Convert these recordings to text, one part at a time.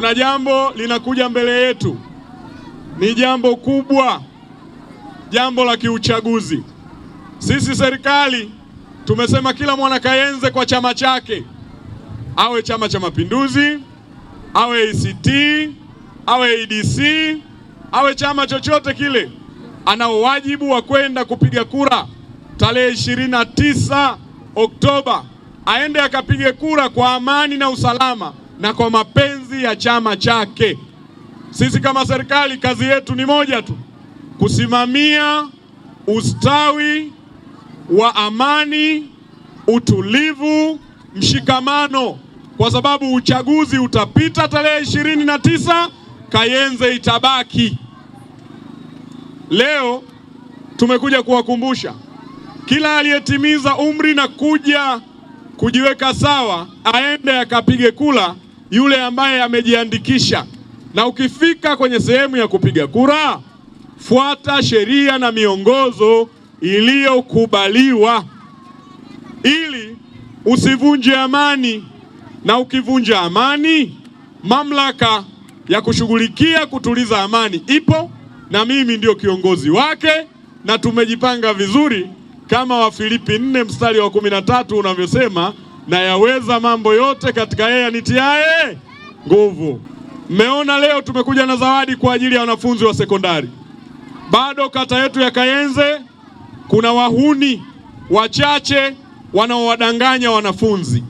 kuna jambo linakuja mbele yetu, ni jambo kubwa, jambo la kiuchaguzi. Sisi serikali tumesema kila mwanakayenze kwa chama chake, awe Chama cha Mapinduzi, awe ACT, awe ADC, awe chama chochote kile, ana wajibu wa kwenda kupiga kura tarehe tisa Oktoba, aende akapige kura kwa amani na usalama na kwa mapenzi ya chama chake. Sisi kama serikali kazi yetu ni moja tu, kusimamia ustawi wa amani, utulivu, mshikamano, kwa sababu uchaguzi utapita tarehe ishirini na tisa, Kayenze itabaki. Leo tumekuja kuwakumbusha kila aliyetimiza umri na kuja kujiweka sawa aende akapige kula yule ambaye amejiandikisha. Na ukifika kwenye sehemu ya kupiga kura, fuata sheria na miongozo iliyokubaliwa ili usivunje amani, na ukivunja amani, mamlaka ya kushughulikia kutuliza amani ipo, na mimi ndio kiongozi wake, na tumejipanga vizuri kama Wafilipi 4 mstari wa 13 unavyosema na yaweza mambo yote katika yeye anitiaye nguvu. Mmeona leo tumekuja na zawadi kwa ajili ya wanafunzi wa sekondari. Bado kata yetu ya Kayenze kuna wahuni wachache wanaowadanganya wanafunzi.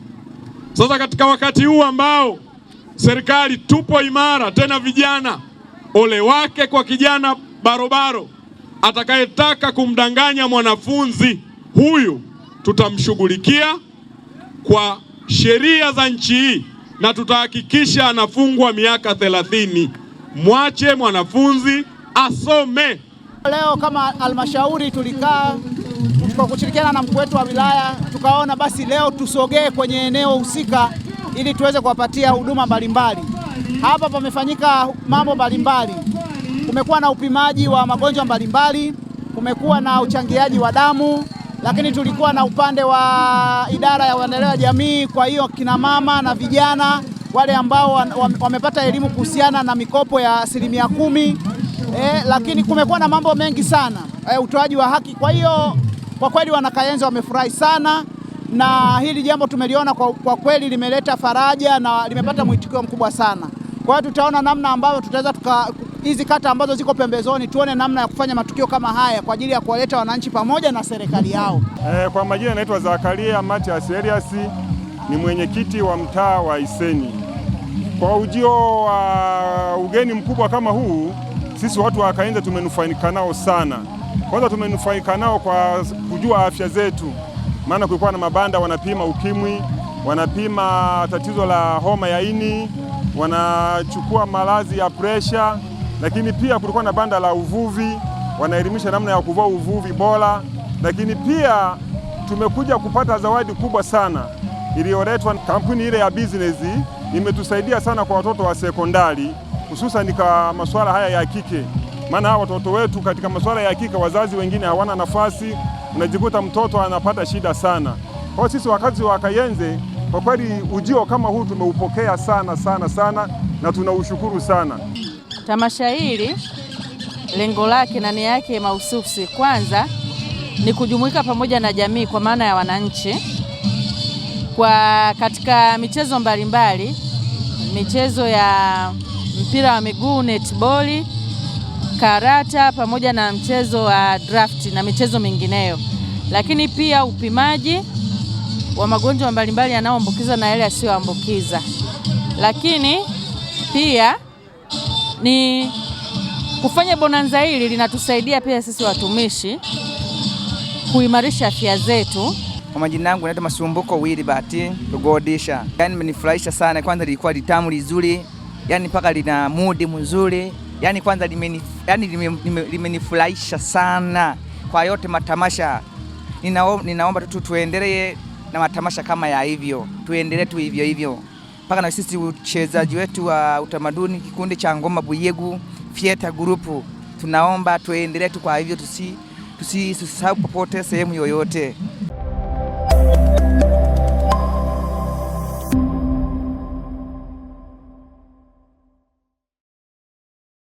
Sasa katika wakati huu ambao serikali tupo imara, tena vijana, ole wake kwa kijana barobaro atakayetaka kumdanganya mwanafunzi huyu, tutamshughulikia kwa sheria za nchi hii na tutahakikisha anafungwa miaka thelathini. Mwache mwanafunzi asome. Leo kama halmashauri tulikaa kwa kushirikiana na mkuu wetu wa wilaya, tukaona basi leo tusogee kwenye eneo husika ili tuweze kuwapatia huduma mbalimbali. Hapa pamefanyika mambo mbalimbali, kumekuwa na upimaji wa magonjwa mbalimbali, kumekuwa na uchangiaji wa damu lakini tulikuwa na upande wa idara ya uendeleo wa jamii. Kwa hiyo kina mama na vijana wale ambao wamepata elimu kuhusiana na mikopo ya asilimia kumi. E, lakini kumekuwa na mambo mengi sana e, utoaji wa haki. Kwa hiyo kwa kweli wanakayenzi wamefurahi sana na hili jambo tumeliona kwa, kwa kweli limeleta faraja na limepata mwitikio mkubwa sana. Kwa hiyo tutaona namna ambavyo tutaweza hizi kata ambazo ziko pembezoni, tuone namna ya kufanya matukio kama haya kwa ajili ya kuwaleta wananchi pamoja na serikali yao. E, kwa majina naitwa Zakaria Matias Elias, ni mwenyekiti wa mtaa wa Iseni. Kwa ujio wa uh, ugeni mkubwa kama huu, sisi watu wa Kainza tumenufaika nao sana. Kwanza tumenufaika nao kwa kujua afya zetu, maana kulikuwa na mabanda wanapima ukimwi, wanapima tatizo la homa ya ini, wanachukua malazi ya presha lakini pia kulikuwa na banda la uvuvi, wanaelimisha namna ya kuvua uvuvi bora, lakini pia tumekuja kupata zawadi kubwa sana iliyoletwa kampuni ile ya business. Imetusaidia sana kwa watoto wa sekondari, hususani kwa masuala haya ya kike, maana hawa watoto wetu katika masuala ya kike, wazazi wengine hawana nafasi, unajikuta mtoto anapata shida sana. Kwa sisi wakazi wa Kayenze, kwa kweli ujio kama huu tumeupokea sana sana sana na tunaushukuru sana. Tamasha hili lengo lake na nia yake mahususi kwanza ni kujumuika pamoja na jamii kwa maana ya wananchi kwa katika michezo mbalimbali, michezo ya mpira wa miguu, netball, karata pamoja na mchezo wa draft na michezo mingineyo, lakini pia upimaji wa magonjwa mbalimbali yanayoambukiza na yale yasiyoambukiza, lakini pia ni kufanya bonanza hili linatusaidia pia sisi watumishi kuimarisha afya zetu. Kwa majina yangu naitwa Masumbuko Wili Bahati Lugodisha. Yani imenifurahisha sana, kwanza lilikuwa litamu lizuri, yaani mpaka lina mudi mzuri, yaani kwanza yaani limenifurahisha yani sana kwa yote matamasha. Ninaomba, ninaomba tu tuendelee na matamasha kama ya hivyo, tuendelee tu hivyo hivyo mpaka na sisi uchezaji wetu wa utamaduni, kikundi cha ngoma Buyegu Fieta Group, tunaomba tuendelee tu. Kwa hivyo tusisahau tusi popote, sehemu yoyote.